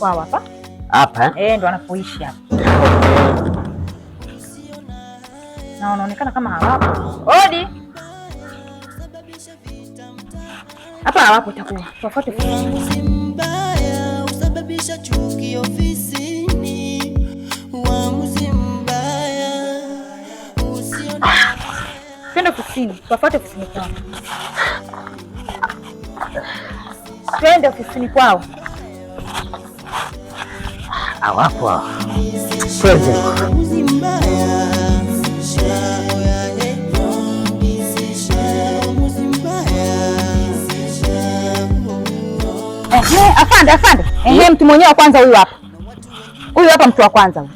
kwao hapa hapa eh, ndo anapoishi hapa. Na wanaonekana kama hawapo. Odi hapa hawapo, takuwa tofauti. Uamuzi mbaya usababisha chuki ofisini. Uamuzi mbaya usio twende ofisini, tofauti ofisini kwao, twende ofisini kwao hawako Afande, afande, ehe, mtu mwenyewe wa kwanza huyu hapa, huyu hapa, mtu wa kwanza huyu.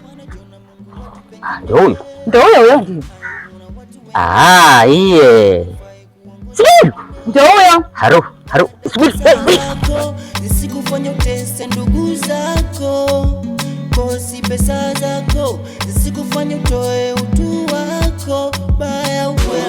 Ah, ndio huyu, ndio huyo huyo, ndio ah, iye, ndio huyo. Haru haru, sikufanya utese ndugu zako kosi pesa zako zisikufanye utoe utu wako baya uwe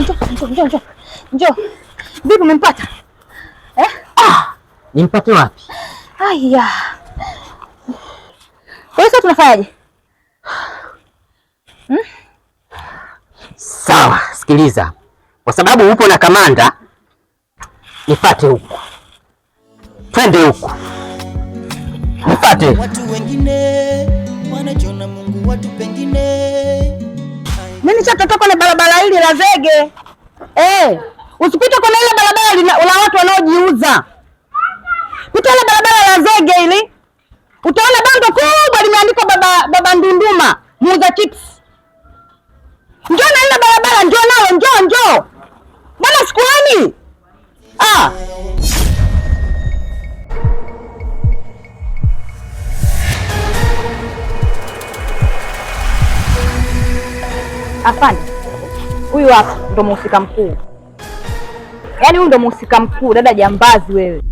njoo, njoo. Vipi umempata? Eh? Ah, nimpate wapi? Aya. Kwa hiyo sasa tunafanyaje? Hmm? Sawa, sikiliza. Kwa sababu upo na kamanda, nipate huko. Twende huko. Nipate. Watu wengine wanajiona Mungu, watu pengine mimi nishatotoka na barabara hili la zege eh. Usipite kwenye ile barabara la watu wanaojiuza, pita ile barabara la zege hili, utaona bango kubwa limeandikwa baba, baba Ndunduma muuza chips. Njoo na ile barabara, njoo nalo, njoo njoo bwana, sikuoni ah. Hapana, huyu hapa ndo mhusika mkuu, yaani huyu ndo mhusika mkuu. Dada jambazi wewe.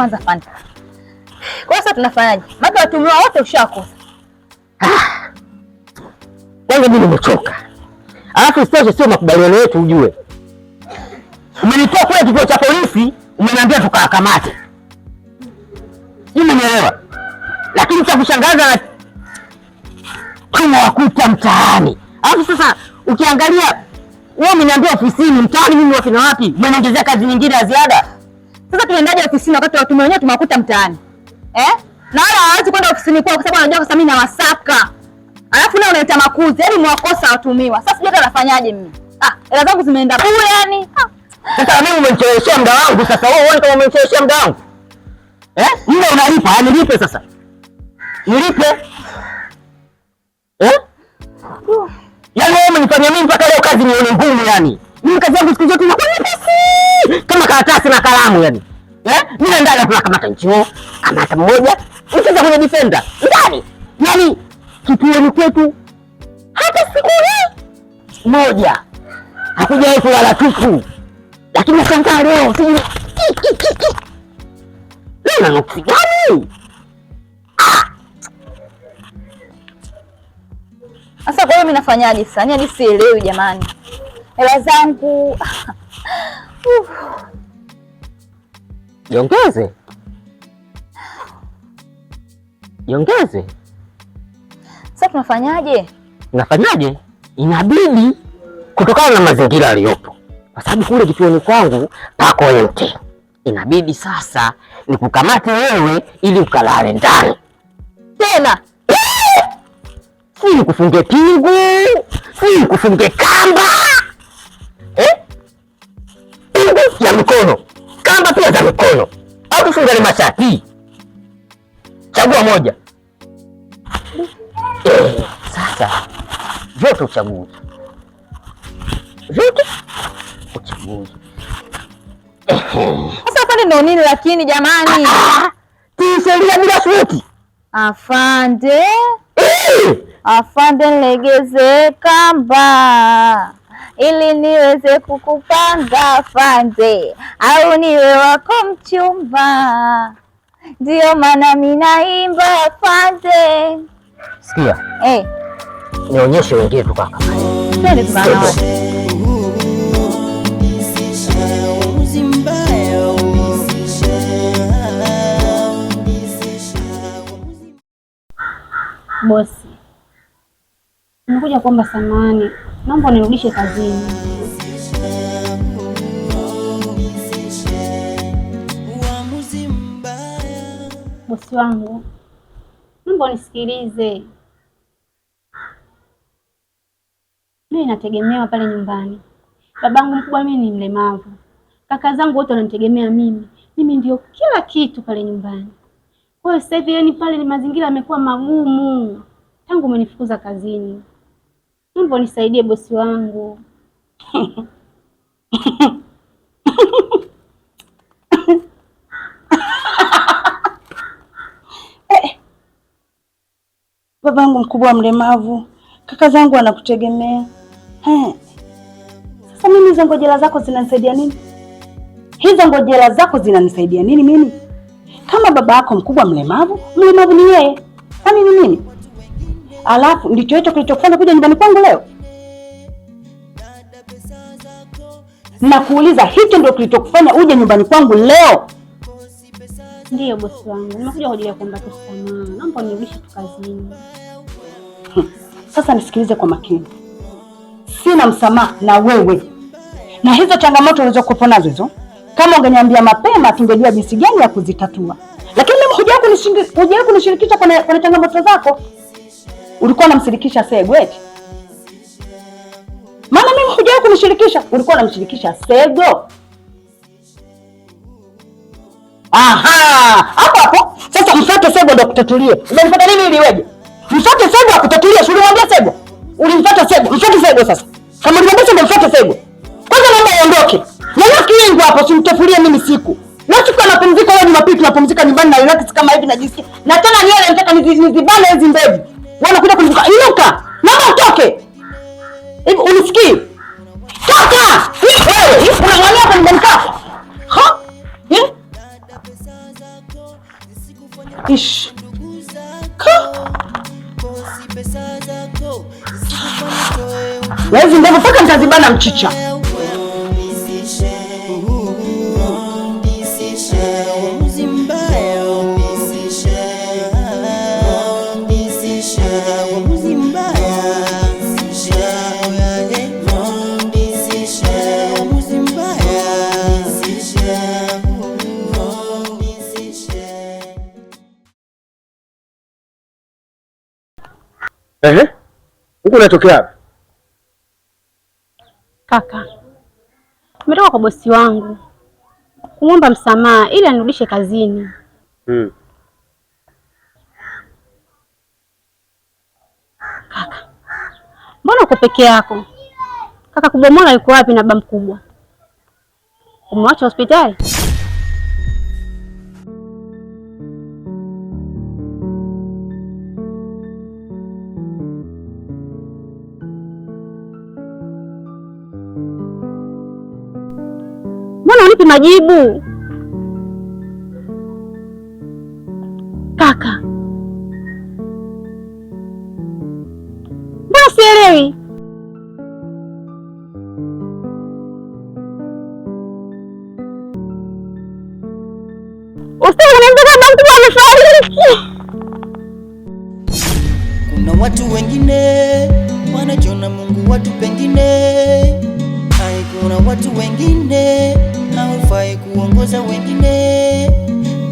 kwanza Fanta. Kwa sasa tunafanyaje? Maana watumiwa wote ushakosa. Ah. Wewe yaani mimi nimechoka. Alafu sasa sio makubaliano yetu ujue. Umenitoa kule kituo cha polisi, umeniambia tukaakamate. Mimi nimeelewa. Lakini cha kushangaza na tunawakuta mtaani. Alafu sasa ukiangalia wewe umeniambia ofisini, mtaani mimi wapi na wapi? Umeniongezea kazi nyingine ya ziada. Sasa tunaendaje ofisini wakati watu wenyewe tumakuta mtaani eh? Na wala hawezi kwenda ofisini kwao kwa sababu anajua kwamba mimi na wasaka, alafu naye unaita makuzi, yaani mwakosa watumiwa. Sasa sijui anafanyaje mimi. Ah, hela zangu zimeenda bure yani. Ah. Sasa mimi umenicheleweshea muda wangu. Sasa wewe uone kama umenicheleweshea muda wangu eh? Mimi unalipa, anilipe ah, sasa, nilipe eh? Yaani wewe umenifanyia mimi mpaka leo kazi ni ngumu yani. Mimi kazi yangu siku zote inakuwa nyepesi kama karatasi na kalamu yani. Eh? Mimi naenda hapa kama kancho, kama mmoja, nikianza kwenye defender. Ndani. Yaani kituoni kwetu hata siku moja hakujawahi kulala tupu. Lakini nashangaa leo sijui Leo na nuksi gani? Ah! Sasa kwa hiyo mimi nafanyaje sasa? Yaani sielewi jamani hela zangu jongeze jongeze. Sasa tunafanyaje? Tunafanyaje? Inabidi kutokana na mazingira aliyopo, kwa sababu kule kichuoni kwangu pako ente. Inabidi sasa nikukamate wewe ili ukalale ndani tena si pingu, si kamba uchaguzi vipi? Uchaguzi sasa pale ndo nini? Lakini jamani, tisheria bila suti. Afande, afande, legeze kamba ili niweze kukupanga afande, au niwe wako mchumba. ndio maana minaimba afande. Sikia, hey. Eh nionyeshe wengine tu kaka. Bosi, nimekuja kuomba samani, naomba nirudishe kazini. Bosi wangu, naomba unisikilize. Mimi nategemewa pale nyumbani. Babangu mkubwa mimi ni mlemavu, kaka zangu wote wananitegemea mimi. Mimi ndio kila kitu pale nyumbani. Kwa hiyo sasa hivi yani pale ni mazingira yamekuwa magumu tangu umenifukuza kazini. Mbona nisaidie bosi wangu. baba eh, babangu mkubwa mlemavu, kaka zangu wanakutegemea. Sasa mimi hizo ngojera zako zinanisaidia nini? Hizo ngojera zako zinanisaidia nini mimi? Kama baba yako mkubwa mlemavu, mlemavu ni yeye, na mimi mimi. Alafu ndicho hicho kilichokufanya kuja nyumbani kwangu leo? Nakuuliza, hicho ndio kilichokufanya uje nyumbani kwangu leo? Ndiyo bosi wangu, nimekuja kwa ajili ya kuomba msamaha. Naomba unirudishe tu kazini. Sasa nisikilize kwa makini sina msamaha na wewe, na hizo changamoto ulizokuwa nazo hizo, kama ungeniambia mapema, tungejua jinsi gani ya kuzitatua, lakini leo hujawahi kunishirikisha kwenye changamoto zako. Ulikuwa unamshirikisha Segwet, maana mimi hujawahi kunishirikisha, ulikuwa unamshirikisha Sego. Aha, hapo hapo sasa, mfate Sego ndo kutatulie. Umenifuata nini? Iliweje? Mfate Sego akutatulie, si ulimwambia Sego? Ulimfuata Sego, mfate Sego sasa kama unataka ndo mfuate Fego. Kwanza naomba uondoke. Mwanamke yangu hapo simtafulie mimi siku. Na siku anapumzika leo Jumapili tunapumzika nyumbani na relax kama hivi najisikia. Na tena nywele nataka nizibane hizi mbegu. Wanakuja kunivuka. Inuka. Naomba utoke. Hivi unisikii? Toka! Wewe, hivi unamwambia kwa nyumbani kwako. Ha? Eh? Ish. na hivi ndevu mpaka mtazibana mchicha. Eh? huku unatokea wapi? Kaka, umetoka kwa bosi wangu kumwomba msamaha ili anirudishe kazini. Hmm. Kaka, mbona uko peke yako? Kaka Kubomola yuko wapi na baba mkubwa? Umwacha hospitali? majibu kaka. Mbona sielewi? Kuna watu wengine wanajiona Mungu watu pengine kuna watu wengine haufai kuongoza wengine.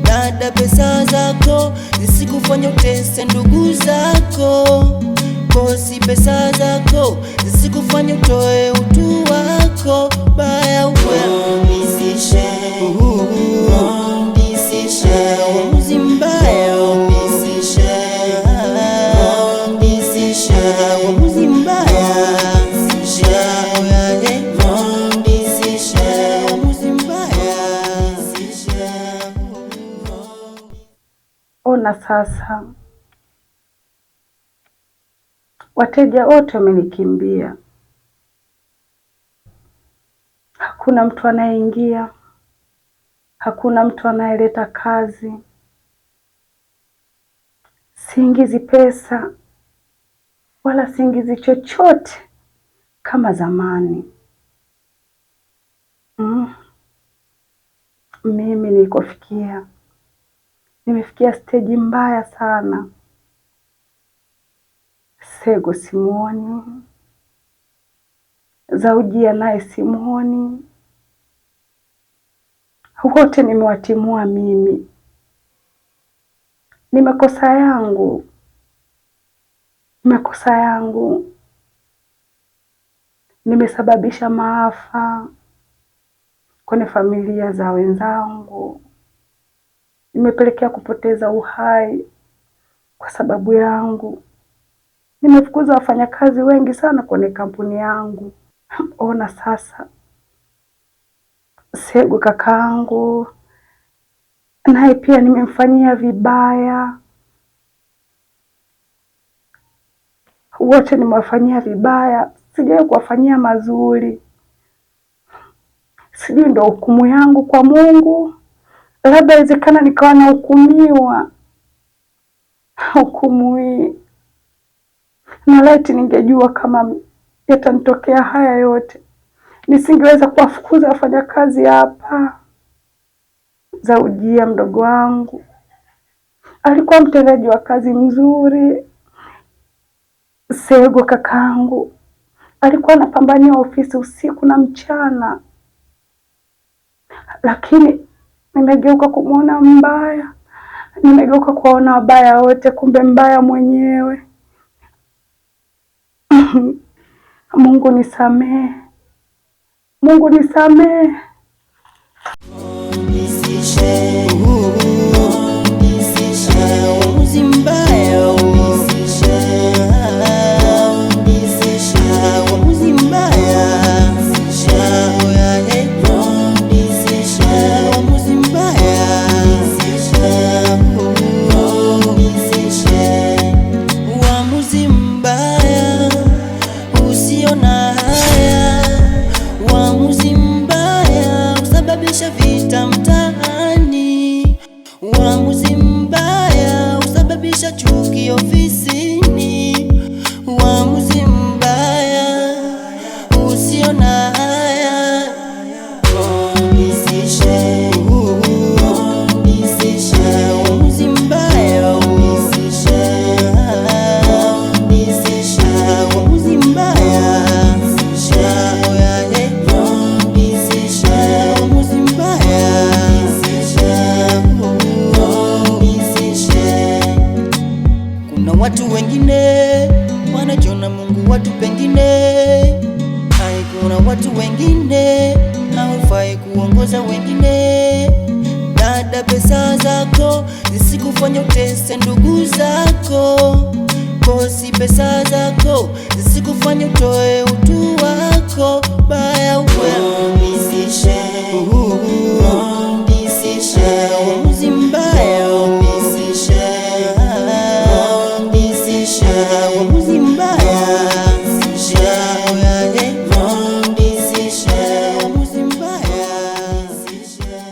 Dada, pesa zako zisikufanya utese ndugu zako. Kosi, pesa zako zisikufanya utoe utu wako baya uwe na sasa. Wateja wote wamenikimbia, hakuna mtu anayeingia, hakuna mtu anayeleta kazi. Siingizi pesa wala siingizi chochote kama zamani. Mm, mimi nilikofikia nimefikia steji mbaya sana. Sego simuoni, Zauji naye simuoni, wote nimewatimua mimi. Ni makosa yangu, makosa yangu, nimesababisha maafa kwenye familia za wenzangu nimepelekea kupoteza uhai kwa sababu yangu. Nimefukuza wafanyakazi wengi sana kwenye kampuni yangu. Ona sasa, Sego kakaangu naye pia nimemfanyia vibaya, wote nimewafanyia vibaya, sijawahi kuwafanyia mazuri. Sijui ndo hukumu yangu kwa Mungu labda awezekana nikawa nahukumiwa hukumu hii, na laiti ningejua kama yatanitokea haya yote, nisingeweza kuwafukuza wafanyakazi hapa. Zaujia mdogo wangu alikuwa mtendaji wa kazi mzuri. Sego kakangu alikuwa anapambania ofisi usiku na mchana, lakini Nimegeuka kumwona mbaya, nimegeuka kuwaona wabaya wote, kumbe mbaya mwenyewe. Mungu nisamehe, Mungu nisamehe. za wengine. Dada, pesa zako zisikufanya utese ndugu zako. Kosi, pesa zako zisikufanya utoe utu wako. Baya ukweli, umbisishe